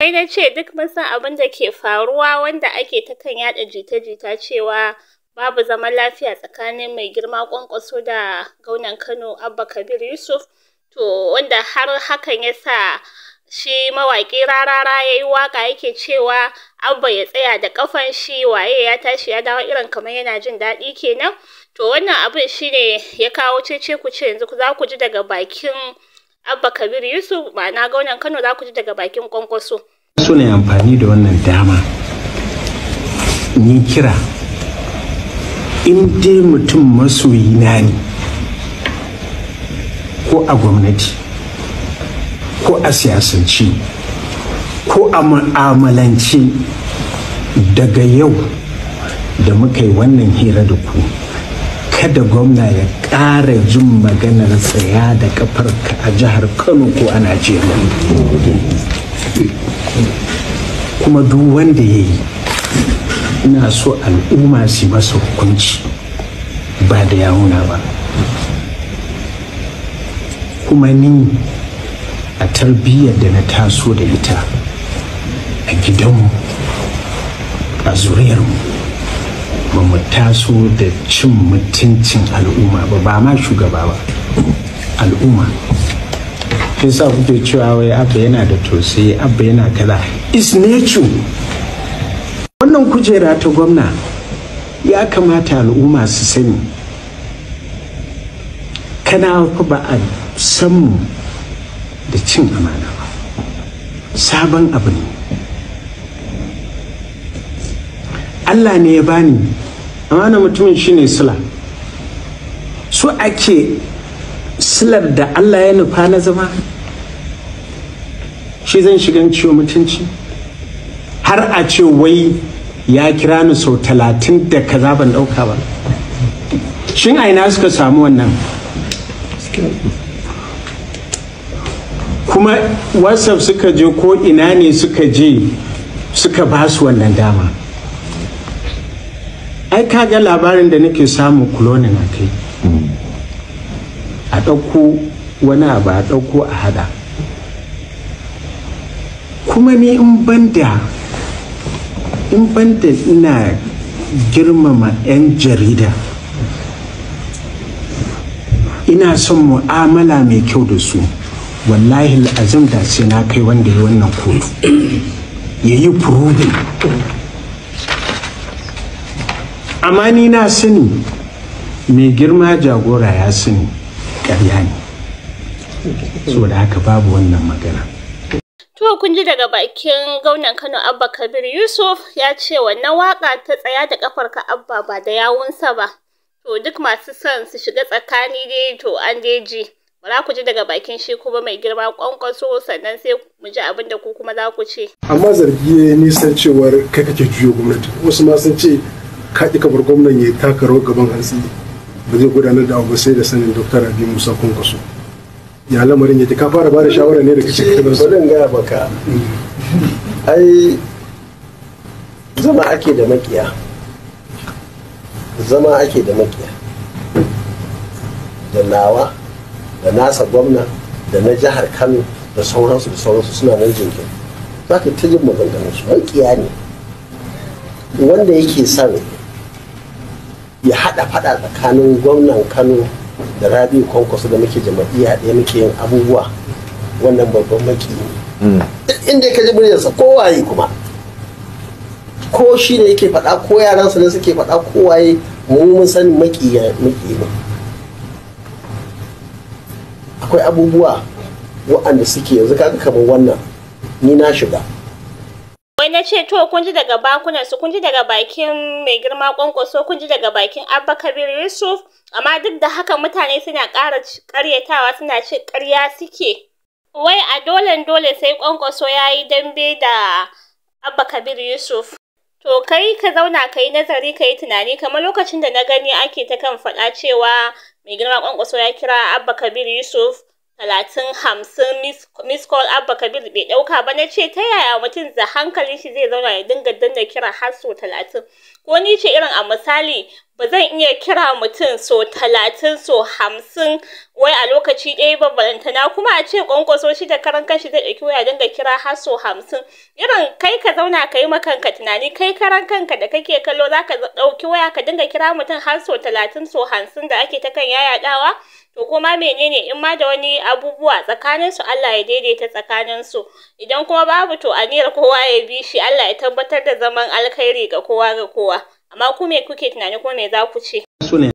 Sai na ce duk mun san abin da ke faruwa wanda ake ta kan yaɗa jita-jita cewa babu zaman lafiya tsakanin Mai Girma Kwankwaso da Gwamnan Kano Abba Kabir Yusuf, to wanda har hakan ya sa shi mawaƙi Rarara ya yi waka yake cewa Abba ya tsaya da kafan shi waye ya tashi ya dawo irin kamar yana jin daɗi kenan. To wannan abin shi ne ya kawo cece-kuce yanzu za ku ji daga bakin Abba Kabir Yusuf ma'ana gaunan Kano za ku ji daga bakin kwankwaso. So ne amfani da wannan dama ni kira in dai mutum masoyi na ne ko a gwamnati ko a siyasance ko a mu'amalance daga yau da muka yi wannan hira da ku. kada gwamna ya ƙara jin maganar tsaya da kafarka a jihar kano ko a najeriya kuma duk wanda ya yi ina so al'umma su masa hukunci ba da yawuna ba kuma ni a tarbiyyar da na taso da ita a gidanmu a zuriyarmu ba mu taso da cin mutuncin al'umma ba ba ma shugaba ba al'umma shi sa kuke cewa wai abba yana da tausayi abba yana kaza is nature wannan kujera ta gwamna ya kamata al'umma su sani kana ku ba a san da cin amana ba sabon abu ne Allah ne ya bani amma na mutumin shi ne sila su ake silar da Allah ya nufa na zama shi zan shigan ciwo mutunci har a ce wai ya kira ni sau talatin da kaza ban ɗauka ba shin aina suka samu wannan kuma whatsapp suka je ko ina ne suka je suka ba su wannan dama ai ga labarin da nake samu kulonin a kai a ɗauko wani abu a ɗauko a hada kuma ni in banda in banda ina girmama 'yan jarida ina son mu'amala mai kyau da su wallahi azim da sai na kai wanda ya wannan kotu ya yi furudin amma ni na sani mai girma jagora ya sani ƙarya ne so da haka babu wannan magana To kun ji daga bakin gaunan Kano Abba Kabir Yusuf ya ce wannan waka ta tsaya da kafar ka Abba ba da yawunsa ba. To duk masu son su shiga tsakani dai to an deji ji. Bara ku ji daga bakin shi kuma mai girma kwankwaso sannan sai mu ji abin da ku kuma za ku ce. Amma zargi ne nisan cewar kai kake juyo gwamnati. Wasu ma sun ce kaɗi kamar gwamnan ya taka rawar gaban hantsi ba zai gudanar da abu sai da sanin doktor abi musa kwankwaso ya lamarin ya ka fara ba da shawara ne daga eh, cikin ba zan gaya baka ai zama ake da makiya zama ake da makiya da nawa da nasa gwamna da na jihar kano da sauransu da sauransu suna nan jinkin za ka ta jin maganganun su makiya ne wanda yake son ya haɗa faɗa tsakanin gwamnan kano da rabiu kwankwaso da muke jama'iyya ɗaya muke yin abubuwa wannan babban maki ne hmm. inda ka ji muryarsa kowaye kuma ko shi ne yake faɗa ko yaransa ne suke faɗa kowaye mu mun sani maki ne akwai abubuwa waɗanda suke yanzu kaga kamar wannan ni na shiga sai na ce to kun ji daga bakunan su kun ji daga bakin mai girma kwankwaso kun ji daga bakin abba kabir yusuf amma duk da haka mutane suna ƙara ƙaryatawa suna ce ƙarya suke wai a dole dole sai kwankwaso ya yi dambe da abba kabir yusuf to kai ka zauna ka yi nazari ka yi tunani kamar lokacin da na gani ake ta kan faɗa cewa mai girma kwankwaso ya kira abba kabir yusuf talatin hamsin miss call abba kabir bai dauka ba na ce ta yaya mutum da hankalin shi zai zauna ya dinga danna kira har so talatin ko ni ce irin a misali ba zan iya kira mutum so talatin so hamsin wai a lokaci ɗaya ba balantana kuma a ce kwankwaso shi da karan kanshi zai ɗauki waya dinga kira har so hamsin irin kai ka zauna ka yi ma ka tunani kai karan kanka da kake kallo za ka ɗauki waya ka dinga kira mutum har so talatin so hamsin da ake ta kan yaya dawa. to kuma menene in ma da wani abubuwa tsakanin su Allah ya daidaita tsakanin su idan kuma babu to aniyar kowa ya bi shi Allah ya tabbatar da zaman alkhairi ga kowa ga kowa amma ku me kuke tunani ko me za ku ce